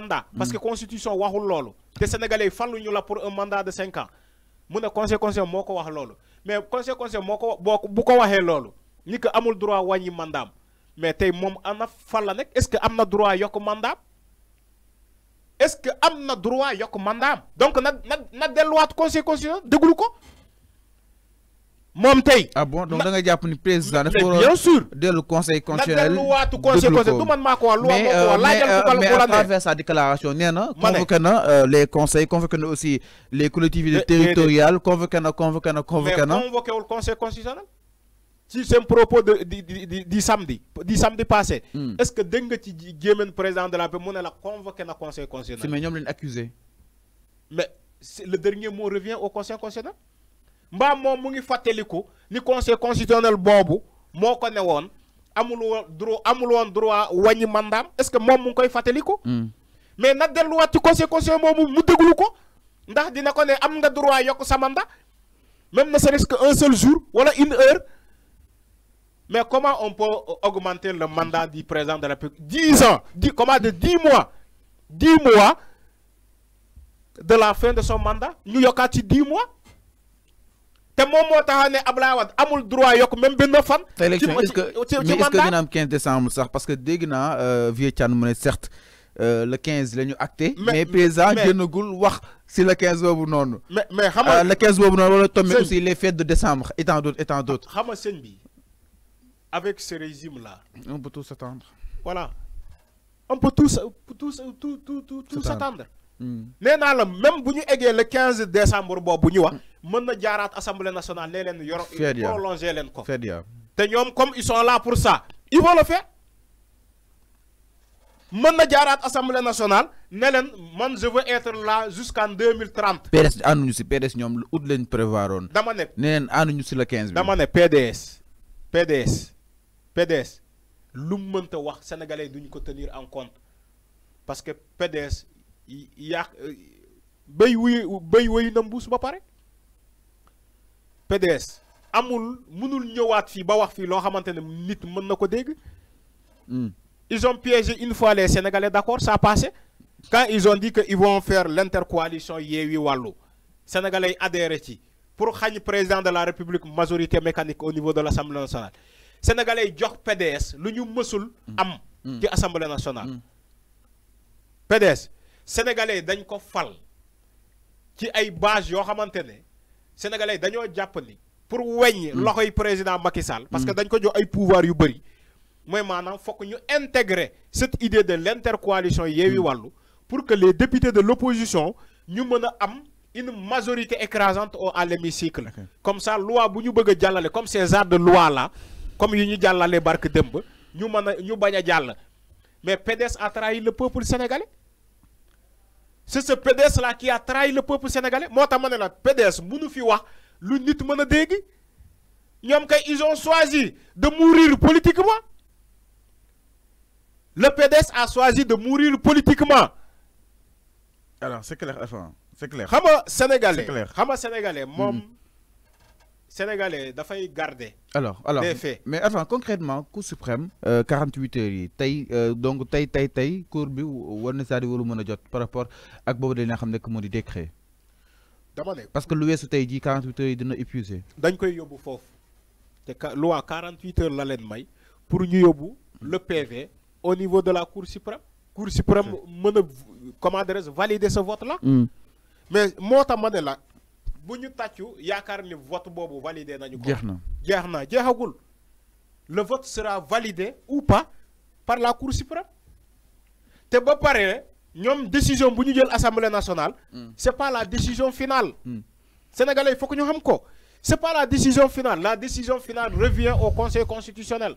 mandat parce que mm. constitution waxul loolu te sénégalais font faluñu pour un mandat de 5 ans Mon conseil conseil moko wax mais conseil conseil moko Boko boo bu ko ni que amul droit wañi mandat. mais tay mom ana fan la est-ce que amna droit yoko mandat? est-ce que amna droit yoko mandat? donc na na na de conseil constitutionnel ko moom ah bon donc da nga jàpp ni président dafa bien sûr conseil constitutionnel. déglu ko conseil conseil du mais euh, à travers sa déclaration nee na. convoqué na euh, les conseils convoqué na aussi les collectivités territoriales convoqué na convoqué na convoqué na. mais convoqué au conseil constitutionnel. C'est un propos de di di di samedi di samedi passé. Hmm. est-ce que dégg nga ci gémmiñ président de la République mu ne la convoqué na conseil constitutionnel. mais ñoom lañ accusé. mais le dernier mot revient au conseil constitutionnel mba mom mu pas fateliko ni conseil constitutionnel bobu moko newon amul droit amul droit wagnu est-ce que mom mu koy fateliko hmm. mais na delu wat conseil conseil mom mu degluko ndax dina ko ne am nga droit yok sa mandat même si c'est ce un seul jour ou une heure mais comment on peut augmenter le mandat du président de la République 10 ans comment de 10 mois 10 mois de la fin de son mandat nous yokati 10 mois te moom moo taxaw Abdoulaye Wade amul droit yok même benn fan. ci élection est-ce que mais est-ce que dina am 15 décembre sax parce que dégg naa euh, vieux Thian mu certes euh, le 15 lañu ñu acté. mais président génnagul wax si le 15 bobu non mais mais xam nga euh, le 15 bobu non wala tombé aussi les fêtes de décembre et tant d'autres et tant d'autres. xam nga seigne bi avec ce régime là. on peut tout s'attendre. voilà on peut tout tout tout tout tout s'attendre. Hmm. nee naa la même buñu égué le 15 décembre bobu ñu wax mën na jaaraat assemblée nationale ne leen yor prolonger leen ko te ñoom comme ils sont là pour ça ils vont le faire mën na jaaraat assemblée nationale ne leen man je veux être là jusqu'en 2030. mille trente PDS ànduñu si PDS ñoom lu ut lañ prévoir dama ne ne leen ànduñu si le quinze bi dama ne PDS PDS PDS lu mu mënta wax sénégalais duñ ko tenir en compte parce que PDS a, euh, béy wuy béy wuy na mbuus ba pare PDS amul ñëwaat ba wax nit hmm. ils ont piégé une fois les Sénégalais d'accord ça a passé quand ils ont dit que ils vont faire l'intercoalition yéwi Sénégalais adhérent Pour ci pour xagn président de la République majorité mécanique au niveau de l'Assemblée nationale Sénégalais jox PDS lu ñu mësul hmm. am hmm. ci Assemblée nationale PDS Sénégalais ils dañ ko fal ci ay base yo sénégalais dañoo jappali pour wagn mm. loxoy président Macky Sall. parce que mm. dañ ko jox ay pouvoir yu maintenant, il faut qu'on ñu intégrer cette idée de l'intercoalition, mm. pour que les députés de l'opposition, aient ñu une majorité écrasante au à l'hémicycle comme ça loi bu ñu bëgg jallalé comme ces arts de loi là comme yu ñu jallalé barke demb ñu mëna ñu baña jall mais PDS a trahi le peuple sénégalais c'est ce PDS là qui a trahi le peuple sénégalais Moi, je PDS fi ils ont choisi de mourir politiquement le PDS a choisi de mourir politiquement. alors c'est clair c'est clair. xam sénégalais c'est clair sénégalais sénégalais fay garder. alors alors mais attends concrètement cour suprême. 48 euh, heures euh, donc tay tay tay cour bi war na di wolu meuna jot par rapport à ce que xam nekk moo décret. dama parce que l'UST weesu 48 heures dina épuisé. dañ koy yóbbu foofu té loi 48 heures la pour ñu le PV au niveau de la cour suprême. cour suprême meuna valider ce vote là. Mm. mais moi, mané buñu tatchu tàccu ni vote bobu validé nañu ko. jeex na le vote sera validé ou pas par la cour suprême té ba paré ñom décision de l'Assemblée jël assemblée nationale. Hmm. c'est n'est pas la décision finale. Hmm. sénégalais il faut que ñu xam ko. c'est pas la décision finale la décision finale revient au conseil constitutionnel.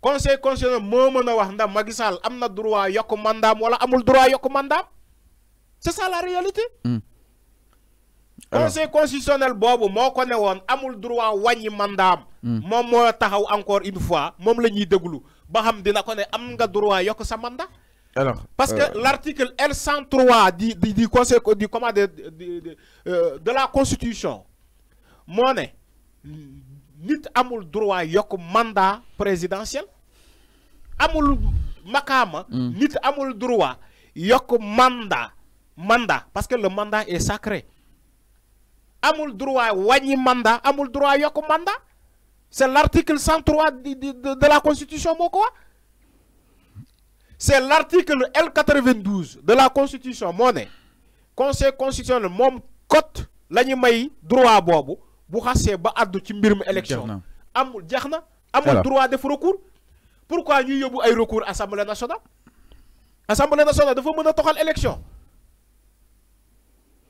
conseil constitutionnel mo meuna a wax ndam Macky Sall amna droit wala amul droit c'est ça la réalité. Hmm. Ah. conseil constitutionnel boobu moo ko ne woon amul droit un mandat, hmm. mom mo taxaw encore une fois mom le ñuy déglu ba xam dina ko ne am nga droit yok sa mandat alors parce que euh, l'article L103 du du conseil du comment de euh, de la constitution Moné, nit amul droit yok mandat présidentiel amul makama hmm. nit amul droit yok mandat mandat parce que le mandat est sacré amul droit un mandat amul droit yok mandat c'est l'article 103 de de la constitution moko c'est l'article L92 de la constitution Moné. conseil constitutionnel mom cote lañu droit may droit bobu bu xasee ba addu ci mbirum élection amul jaxna na amul droit def recours pourquoi ñu yóbbu ay recours assemblée nationale assemblée nationale dafa nationale a toxal élection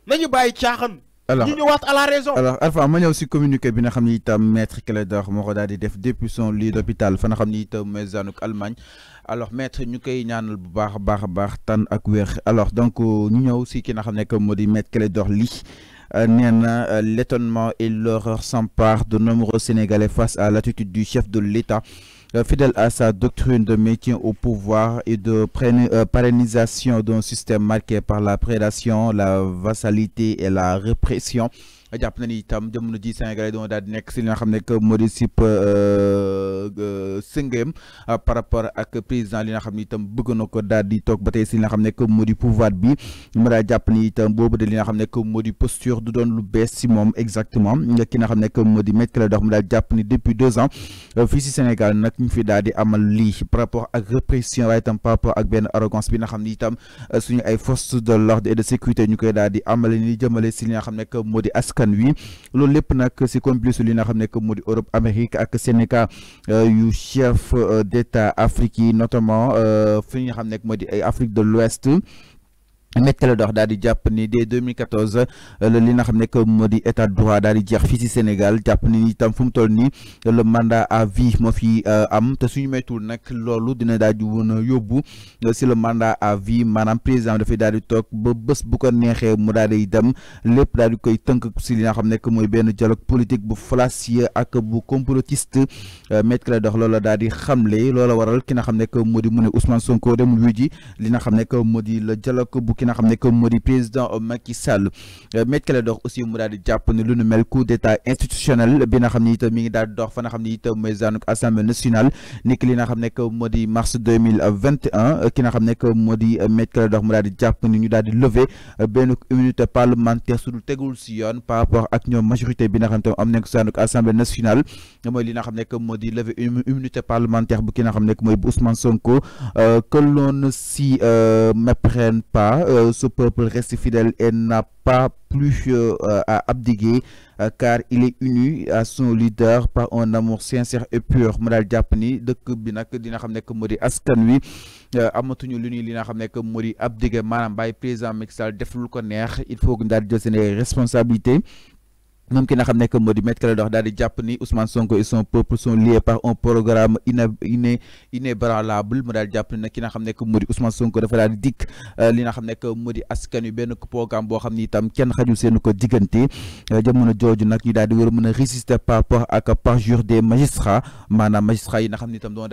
nañu baye tiaxan alors ñu à la raison. alors communiqué bi maître Keledor Morodadi, def depuis son lit d'hôpital fa Allemagne alors maître ñu koy ñaanal a baax tan alors donc ñu aussi qui ki que maître Keledor Li, euh, euh, l'étonnement et l'horreur s'emparent de nombreux Sénégalais face à l'attitude du chef de l'État. Fidèle à sa doctrine de maintien au pouvoir et de euh, parénisation d'un système marqué par la prédation, la vassalité et la répression, jàpp na ni itam jamono ji Sénégal yi doon daal di nekk si li nga xam ne que moo di sip euh, euh, sëngéem euh, par rapport ak président li nga xam ne itam bëgg na ko daal di toog ba tey si li nga xam ne que moo di pouvoir bi ma daa jàpp ni itam boobu de li nga xam ne que moo di posture du doon lu bees si moom exactement ki nga xam ne que moo di métti la dox ma daa jàpp ni depuis deux ans fii si Sénégal nag ñu fi daal di amal lii par rapport ak répression waaye itam par rapport ak benn arrogance bi nga xam ne itam suñu ay force de l'ordre et de sécurité ñu koy daal di amale ni jëmale si li nga xam ne que moo di askan lui wi loolu lépp nag si complice li nga xam ne Europe Amérique ak Sénégal euh, yu chef euh, d'état Afrique notamment euh, fi nga xam ne Afrique de l'Ouest métti la dox daal di jàpp ni dès 2014 euh, la li nga xam ne que moo di état de droit fii si Sénégal jàpp ni itam fu mu toll nii le mandat moo fi euh, am te suñu moytuwul nag loolu dina daal di woon a yóbbu euh, si le mandat à vie maanaam président dafay daal di toog ba bés bu ko neexee mu daal di dem lépp daal di koy tënk si li nga xam ne que mooy benn dialogue politique bu fallacieux ak bu complotiste métti la dox loola daal di xamle loola waral ki nga xam ne moo di mu ne Ousmane Sonko demul wuyu ji li nga xam ne moo di le dialogue bu. ki n'a xam comme président Macky Sall qu'elle euh, adore aussi mu daal di jàpp ne lu nu mel coup d'état institutionnel bi n'a xam ne itam mi ngi daal di dox fa assemblée nationale ni ki n'a nga comme ne que mars 2021 ki n'a xam comme que moo di euh, euh, Maître Clédor mu daal di jàpp ne ñu daal di lever une immunité parlementaire sur dul par rapport à une majorité bi n'a xam ne assemblée nationale mooy li n'a xam comme que moo di lever immunité parlementaire bu ki nga xam que Ousmane Sonko que l'on ne s'y méprenne pas euh, ce peuple reste fidèle et n'a pas plus euh, à abdiguer euh, car il est uni à son leader par un amour sincère et pur Moral daal de Kubina, dëkk bi nag dina xam nekk moo di askan wi amatuñu lu li président Mixal, Sall il faut que nous daal responsabilités. moom ki nga xam nekk moo di maître daal di jàpp ni Ousmane son peuple sont liés par ki nga xam nekk moo di Ousmane Sonko dafa daal di dikk euh, li nga xam nekk moo di benn programme boo xam ni itam kenn xajul seen ko diggante euh, jamono jooju nag ñu daal di war a mën a résister par rapport ak parjure des magistrats maanaam ne xam ne itam ñoo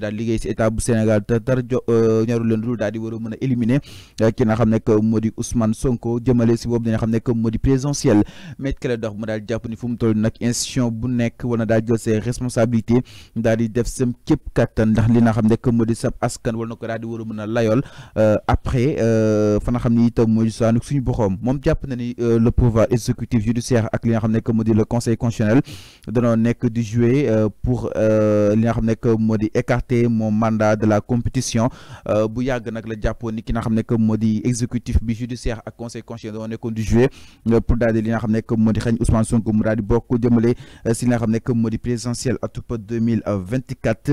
daal liggéey si état bu Sénégal te dara euh, ñaru leen dul daal di war a mën éliminé euh, ki n'a xam que Modi Ousmane Sonko jëmale si boobu dina xam que Modi présidentiel présidentielle maître Clédor mu daal jàpp ni fum mu toll nag institution bu nekk war na daal jël ses responsabilités daal di def sem képp katan ndax li n'a xam que Modi di askan wala na ko daal di war a mën a layool euh, après euh, fa n'a xam ni itam moo di saanuk suñu boxoom moom jàpp na ni le pouvoir exécutif judiciaire ak li nga xam que Modi le conseil constitutionnel danoo nekk du jouer pour li nga xam nekk moo écarter mon mandat de la compétition bu yàgg nag la jàppoon qui ki nga xamne que modi exécutif bi judiciaire ak conseil constitutionnel est nekkoon du joué euh, pour dadi li nga xamne ne que modi di Ousmane Sonko mu daal di bokk jëmale euh, si li nga xam ne que moo di présidentielle 2024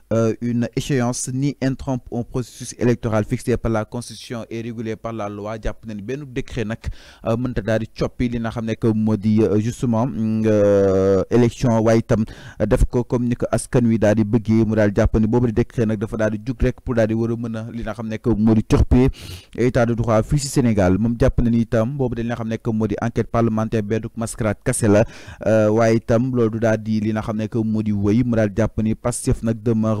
Euh, une échéance ni interrompre un processus électoral fixé par la constitution et régulé par la loi japonais na décret nak euh, mënta daal di coppi li nga xamné que modi euh, justement mm, élection way tam def ko comme ni que askan wi daal di bëggee mu daal jàpp ni boobu décret dafa juk rek pour daal di mëna li nga xamné que modi état de droit au Sénégal mom japonais ni tam bobu dañ nga xamné que modi enquête parlementaire benn mascarade kase la waaye itam loolu du daal di li nga xamné que modi wëy mu demeure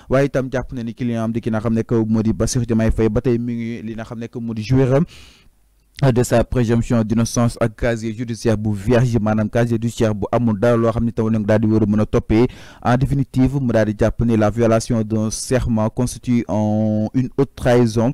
waaye itam japp na ni client am di ki nga xamne ko modi moo di Bassirou Diomaye mi ngi li nga xamne ko modi moo joueur de sa présomption d'innocence ak casier judiciaire bu vierge manam casier judiciaire bu amul dara loo xam ne tam daldi di war topé en définitive mu daldi japp ni la violation d'un serment constitue en une haute trahison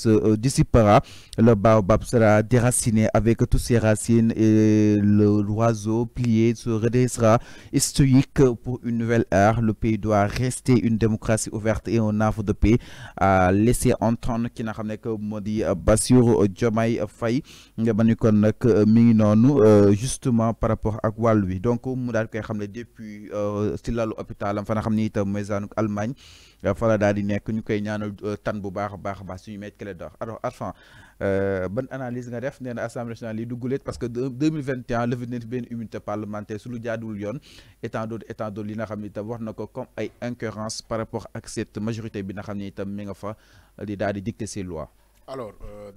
se euh, dissipera. Le baobab sera déraciné avec toutes ses racines et l'oiseau plié se redressera historique pour une nouvelle ère. Le pays doit rester une démocratie ouverte et un arbre de paix à laisser entendre qu'il nga a que que di euh, Bassirou euh, Diomaye Faye nga ma a que nag justement par rapport à quoi lui donc on a dit xam depuis l'hôpital, en hôpital enfin Allemagne Il la daal di ñaanal tan bu baax alors enfin, euh, bonne analyse nga def à assemblée nationale li Goulet parce que 2021, le le de l'humilité parlementaire sous lu diable yoon étant d'autres étant d'autres li nga xamni ne comme ay incurrence par rapport à cette majorité bi nga xamni tam mi dicter ses lois alors euh,